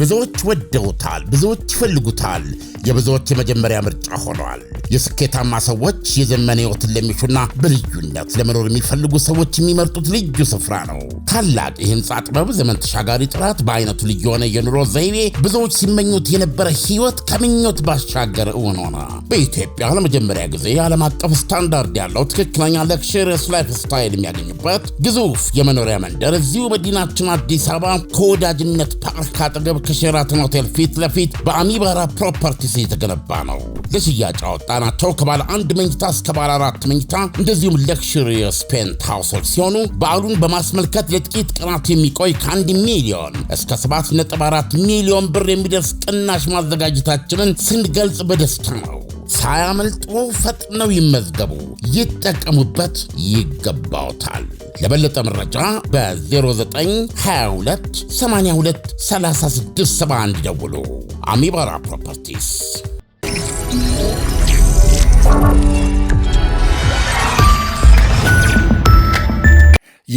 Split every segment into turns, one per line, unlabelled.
ብዙዎች ወደውታል፣ ብዙዎች ይፈልጉታል፣ የብዙዎች የመጀመሪያ ምርጫ ሆኗል። የስኬታማ ሰዎች የዘመን ህይወትን ለሚሹና በልዩነት ለመኖር የሚፈልጉ ሰዎች የሚመርጡት ልዩ ስፍራ ነው። ታላቅ የህንፃ ጥበብ፣ ዘመን ተሻጋሪ ጥራት፣ በአይነቱ ልዩ የሆነ የኑሮ ዘይቤ፣ ብዙዎች ሲመኙት የነበረ ህይወት ከምኞት ባሻገር እውን ሆነ። በኢትዮጵያ ለመጀመሪያ ጊዜ ዓለም አቀፍ ስታንዳርድ ያለው ትክክለኛ ለክሽርስ ላይፍ ስታይል የሚያገኝበት ግዙፍ የመኖሪያ መንደር እዚሁ መዲናችን አዲስ አበባ ከወዳጅነት ፓርክ አጠገብ ከሼራተን ሆቴል ፊት ለፊት በአሚባራ ፕሮፐርቲስ የተገነባ ነው። ለሽያጭ አወጣናቸው ከባለ አንድ መኝታ እስከ ባለ አራት መኝታ እንደዚሁም ለክሽሪየስ ፔንት ሃውሶች ሲሆኑ በዓሉን በማስመልከት ለጥቂት ቀናት የሚቆይ ከአንድ ሚሊዮን እስከ 7.4 ሚሊዮን ብር የሚደርስ ቅናሽ ማዘጋጀታችንን ስንገልጽ በደስታ ነው። ሳያመልጡ ፈጥነው ይመዝገቡ፣ ይጠቀሙበት ይገባውታል። ለበለጠ መረጃ በ0922 82 3671 ደውሉ። አሚባራ ፕሮፐርቲስ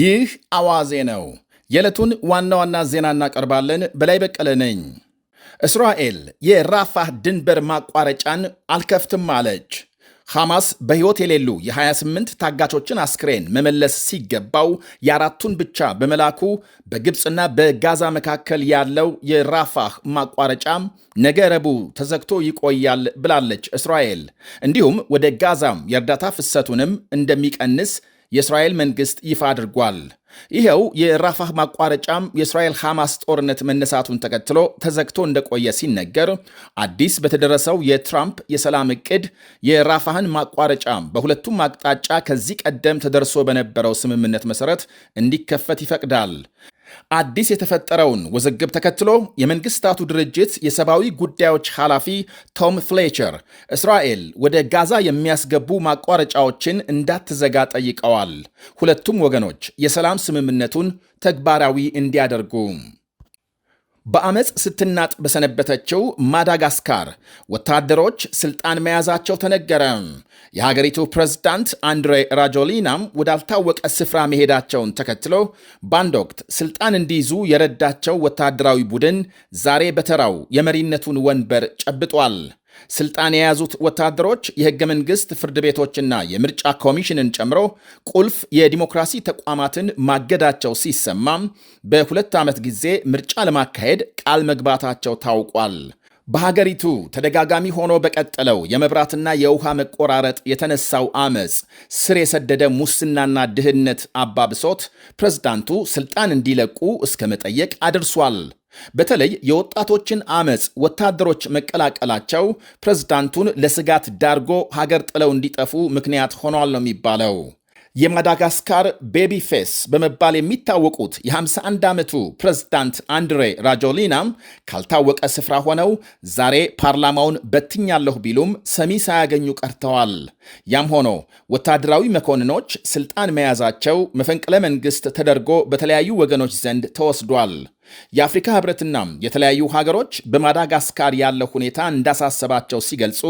ይህ አዋዜ ነው። የዕለቱን ዋና ዋና ዜና እናቀርባለን። በላይ በቀለ ነኝ። እስራኤል የራፋህ ድንበር ማቋረጫን አልከፍትም አለች። ሐማስ በሕይወት የሌሉ የ28 ታጋቾችን አስክሬን መመለስ ሲገባው የአራቱን ብቻ በመላኩ በግብፅና በጋዛ መካከል ያለው የራፋህ ማቋረጫ ነገ ረቡዕ ተዘግቶ ይቆያል ብላለች እስራኤል። እንዲሁም ወደ ጋዛም የእርዳታ ፍሰቱንም እንደሚቀንስ የእስራኤል መንግሥት ይፋ አድርጓል። ይኸው የራፋህ ማቋረጫም የእስራኤል ሐማስ ጦርነት መነሳቱን ተከትሎ ተዘግቶ እንደቆየ ሲነገር አዲስ በተደረሰው የትራምፕ የሰላም ዕቅድ የራፋህን ማቋረጫም በሁለቱም አቅጣጫ ከዚህ ቀደም ተደርሶ በነበረው ስምምነት መሠረት እንዲከፈት ይፈቅዳል። አዲስ የተፈጠረውን ውዝግብ ተከትሎ የመንግስታቱ ድርጅት የሰብአዊ ጉዳዮች ኃላፊ ቶም ፍሌቸር እስራኤል ወደ ጋዛ የሚያስገቡ ማቋረጫዎችን እንዳትዘጋ ጠይቀዋል። ሁለቱም ወገኖች የሰላም ስምምነቱን ተግባራዊ እንዲያደርጉ በአመፅ ስትናጥ በሰነበተችው ማዳጋስካር ወታደሮች ስልጣን መያዛቸው ተነገረ። የሀገሪቱ ፕሬዝዳንት አንድሬ ራጆሊናም ወዳልታወቀ ስፍራ መሄዳቸውን ተከትሎ በአንድ ወቅት ስልጣን እንዲይዙ የረዳቸው ወታደራዊ ቡድን ዛሬ በተራው የመሪነቱን ወንበር ጨብጧል። ስልጣን የያዙት ወታደሮች የህገ መንግስት ፍርድ ቤቶችና የምርጫ ኮሚሽንን ጨምሮ ቁልፍ የዲሞክራሲ ተቋማትን ማገዳቸው ሲሰማም በሁለት ዓመት ጊዜ ምርጫ ለማካሄድ ቃል መግባታቸው ታውቋል። በሀገሪቱ ተደጋጋሚ ሆኖ በቀጠለው የመብራትና የውሃ መቆራረጥ የተነሳው አመፅ ስር የሰደደ ሙስናና ድህነት አባብሶት ፕሬዝዳንቱ ስልጣን እንዲለቁ እስከ መጠየቅ አድርሷል። በተለይ የወጣቶችን አመፅ ወታደሮች መቀላቀላቸው ፕሬዝዳንቱን ለስጋት ዳርጎ ሀገር ጥለው እንዲጠፉ ምክንያት ሆኗል ነው የሚባለው። የማዳጋስካር ቤቢ ፌስ በመባል የሚታወቁት የ51 ዓመቱ ፕሬዝዳንት አንድሬ ራጆሊናም ካልታወቀ ስፍራ ሆነው ዛሬ ፓርላማውን በትኛለሁ ቢሉም ሰሚ ሳያገኙ ቀርተዋል። ያም ሆኖ ወታደራዊ መኮንኖች ስልጣን መያዛቸው መፈንቅለ መንግሥት ተደርጎ በተለያዩ ወገኖች ዘንድ ተወስዷል። የአፍሪካ ህብረትና የተለያዩ ሀገሮች በማዳጋስካር ያለው ሁኔታ እንዳሳሰባቸው ሲገልጹ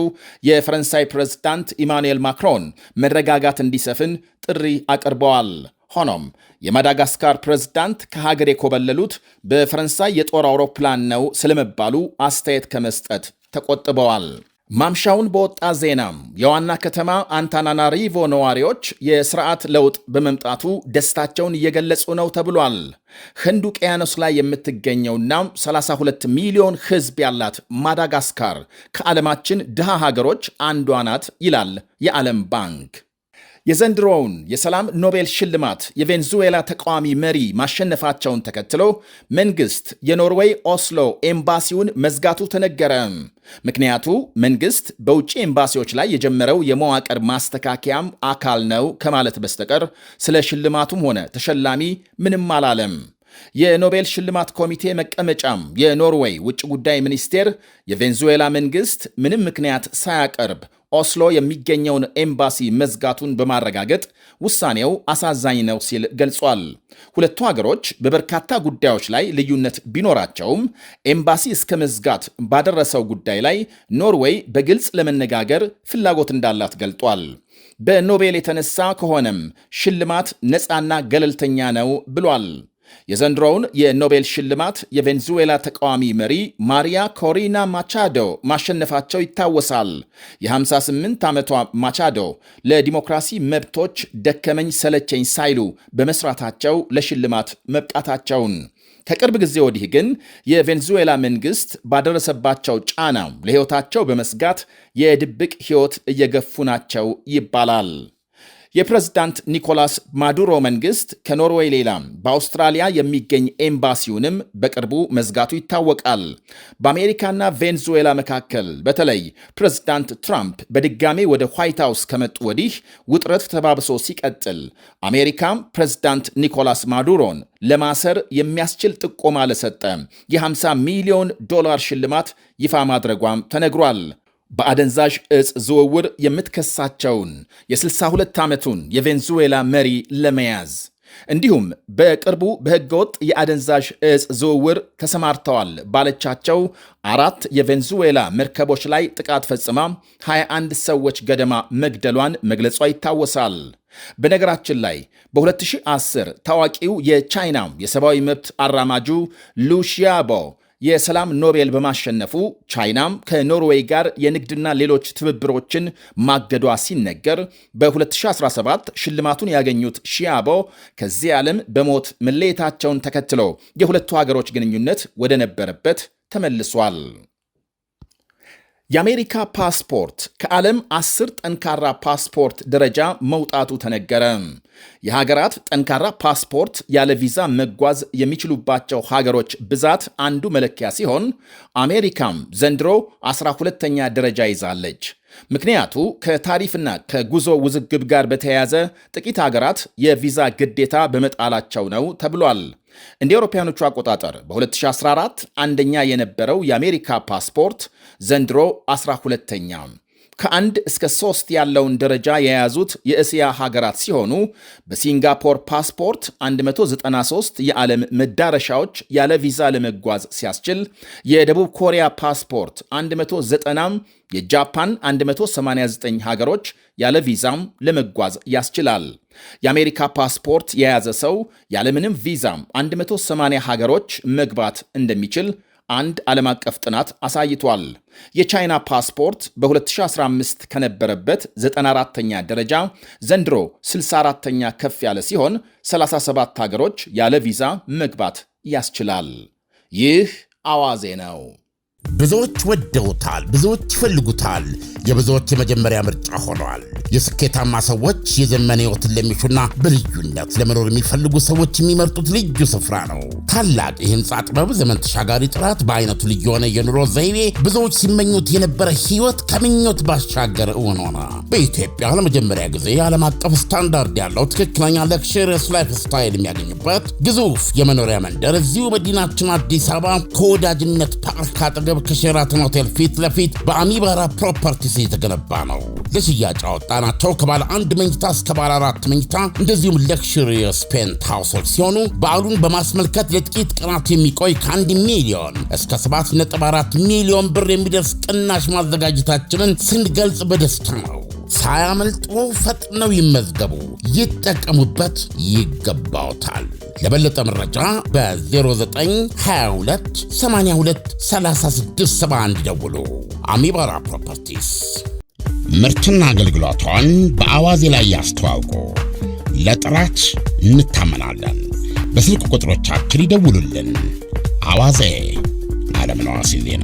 የፈረንሳይ ፕሬዝዳንት ኢማኑኤል ማክሮን መረጋጋት እንዲሰፍን ጥሪ አቅርበዋል። ሆኖም የማዳጋስካር ፕሬዝዳንት ከሀገር የኮበለሉት በፈረንሳይ የጦር አውሮፕላን ነው ስለመባሉ አስተያየት ከመስጠት ተቆጥበዋል። ማምሻውን በወጣ ዜና የዋና ከተማ አንታናናሪቮ ነዋሪዎች የስርዓት ለውጥ በመምጣቱ ደስታቸውን እየገለጹ ነው ተብሏል። ህንድ ውቅያኖስ ላይ የምትገኘውና 32 ሚሊዮን ህዝብ ያላት ማዳጋስካር ከዓለማችን ድሃ ሀገሮች አንዷ ናት ይላል የዓለም ባንክ። የዘንድሮውን የሰላም ኖቤል ሽልማት የቬንዙዌላ ተቃዋሚ መሪ ማሸነፋቸውን ተከትሎ መንግስት የኖርዌይ ኦስሎ ኤምባሲውን መዝጋቱ ተነገረ። ምክንያቱ መንግስት በውጭ ኤምባሲዎች ላይ የጀመረው የመዋቅር ማስተካከያም አካል ነው ከማለት በስተቀር ስለ ሽልማቱም ሆነ ተሸላሚ ምንም አላለም። የኖቤል ሽልማት ኮሚቴ መቀመጫም የኖርዌይ ውጭ ጉዳይ ሚኒስቴር የቬንዙዌላ መንግስት ምንም ምክንያት ሳያቀርብ ኦስሎ የሚገኘውን ኤምባሲ መዝጋቱን በማረጋገጥ ውሳኔው አሳዛኝ ነው ሲል ገልጿል። ሁለቱ ሀገሮች በበርካታ ጉዳዮች ላይ ልዩነት ቢኖራቸውም ኤምባሲ እስከ መዝጋት ባደረሰው ጉዳይ ላይ ኖርዌይ በግልጽ ለመነጋገር ፍላጎት እንዳላት ገልጧል። በኖቤል የተነሳ ከሆነም ሽልማት ነፃና ገለልተኛ ነው ብሏል። የዘንድሮውን የኖቤል ሽልማት የቬንዙዌላ ተቃዋሚ መሪ ማሪያ ኮሪና ማቻዶ ማሸነፋቸው ይታወሳል። የ58 ዓመቷ ማቻዶ ለዲሞክራሲ መብቶች ደከመኝ ሰለቸኝ ሳይሉ በመስራታቸው ለሽልማት መብቃታቸውን ከቅርብ ጊዜ ወዲህ ግን የቬንዙዌላ መንግስት ባደረሰባቸው ጫና ለሕይወታቸው በመስጋት የድብቅ ሕይወት እየገፉ ናቸው ይባላል። የፕሬዝዳንት ኒኮላስ ማዱሮ መንግስት ከኖርዌይ ሌላ በአውስትራሊያ የሚገኝ ኤምባሲውንም በቅርቡ መዝጋቱ ይታወቃል። በአሜሪካና ቬንዙዌላ መካከል በተለይ ፕሬዝዳንት ትራምፕ በድጋሜ ወደ ዋይት ሃውስ ከመጡ ወዲህ ውጥረት ተባብሶ ሲቀጥል አሜሪካ ፕሬዝዳንት ኒኮላስ ማዱሮን ለማሰር የሚያስችል ጥቆማ ለሰጠ የ50 ሚሊዮን ዶላር ሽልማት ይፋ ማድረጓም ተነግሯል። በአደንዛዥ እጽ ዝውውር የምትከሳቸውን የ62 ዓመቱን የቬንዙዌላ መሪ ለመያዝ እንዲሁም በቅርቡ በህገወጥ የአደንዛዥ እጽ ዝውውር ተሰማርተዋል ባለቻቸው አራት የቬንዙዌላ መርከቦች ላይ ጥቃት ፈጽማ 21 ሰዎች ገደማ መግደሏን መግለጿ ይታወሳል። በነገራችን ላይ በ2010 ታዋቂው የቻይና የሰብአዊ መብት አራማጁ ሉሺያቦ የሰላም ኖቤል በማሸነፉ ቻይናም ከኖርዌይ ጋር የንግድና ሌሎች ትብብሮችን ማገዷ ሲነገር በ2017 ሽልማቱን ያገኙት ሺያቦ ከዚህ ዓለም በሞት መለየታቸውን ተከትሎ የሁለቱ ሀገሮች ግንኙነት ወደ ነበረበት ተመልሷል። የአሜሪካ ፓስፖርት ከዓለም አስር ጠንካራ ፓስፖርት ደረጃ መውጣቱ ተነገረ። የሀገራት ጠንካራ ፓስፖርት ያለ ቪዛ መጓዝ የሚችሉባቸው ሀገሮች ብዛት አንዱ መለኪያ ሲሆን አሜሪካም ዘንድሮ አስራ ሁለተኛ ደረጃ ይዛለች። ምክንያቱ ከታሪፍና ከጉዞ ውዝግብ ጋር በተያያዘ ጥቂት ሀገራት የቪዛ ግዴታ በመጣላቸው ነው ተብሏል። እንደ አውሮፓውያኖቹ አቆጣጠር በ2014 አንደኛ የነበረው የአሜሪካ ፓስፖርት ዘንድሮ 12ተኛ ከአንድ እስከ ሶስት ያለውን ደረጃ የያዙት የእስያ ሀገራት ሲሆኑ በሲንጋፖር ፓስፖርት 193 የዓለም መዳረሻዎች ያለ ቪዛ ለመጓዝ ሲያስችል የደቡብ ኮሪያ ፓስፖርት 190ም የጃፓን 189 ሀገሮች ያለ ቪዛም ለመጓዝ ያስችላል። የአሜሪካ ፓስፖርት የያዘ ሰው ያለምንም ቪዛም 180 ሀገሮች መግባት እንደሚችል አንድ ዓለም አቀፍ ጥናት አሳይቷል። የቻይና ፓስፖርት በ2015 ከነበረበት 94ተኛ ደረጃ ዘንድሮ 64ተኛ ከፍ ያለ ሲሆን 37 ሀገሮች ያለ ቪዛ መግባት ያስችላል። ይህ አዋዜ ነው።
ብዙዎች ወደውታል፣ ብዙዎች ይፈልጉታል፣ የብዙዎች የመጀመሪያ ምርጫ ሆኗል። የስኬታማ ሰዎች የዘመን ህይወትን ለሚሹና በልዩነት ለመኖር የሚፈልጉ ሰዎች የሚመርጡት ልዩ ስፍራ ነው። ታላቅ የህንፃ ጥበብ፣ ዘመን ተሻጋሪ ጥራት፣ በአይነቱ ልዩ የሆነ የኑሮ ዘይቤ ብዙዎች ሲመኙት የነበረ ህይወት ከምኞት ባሻገር እውን ሆነ። በኢትዮጵያ ለመጀመሪያ ጊዜ ዓለም አቀፍ ስታንዳርድ ያለው ትክክለኛ ለክሽርስ ላይፍ ስታይል የሚያገኝበት ግዙፍ የመኖሪያ መንደር እዚሁ መዲናችን አዲስ አበባ ከወዳጅነት ፓርክ አጠገብ አጠገብ ከሼራተን ሆቴል ፊት ለፊት በአሚባራ ፕሮፐርቲስ የተገነባ ነው። ለሽያጭ አወጣናቸው ከባለ አንድ መኝታ እስከ ባለ አራት መኝታ እንደዚሁም ለክሽሪየስ ፔንት ሃውሶች ሲሆኑ በዓሉን በማስመልከት ለጥቂት ቀናት የሚቆይ ከአንድ ሚሊዮን እስከ 7.4 ሚሊዮን ብር የሚደርስ ቅናሽ ማዘጋጀታችንን ስንገልጽ በደስታ ነው። ሳያመልጦ ፈጥነው ይመዝገቡ፣ ይጠቀሙበት፣ ይገባውታል። ለበለጠ መረጃ በ0922 82 ደውሉ። አሚባራ ፕሮፐርቲስ ምርትና አገልግሎቷን በአዋዜ ላይ ያስተዋውቁ። ለጥራች እንታመናለን። በስልክ ቁጥሮቻችን ይደውሉልን። አዋዜ ዓለምነህ ዋሴ ዜና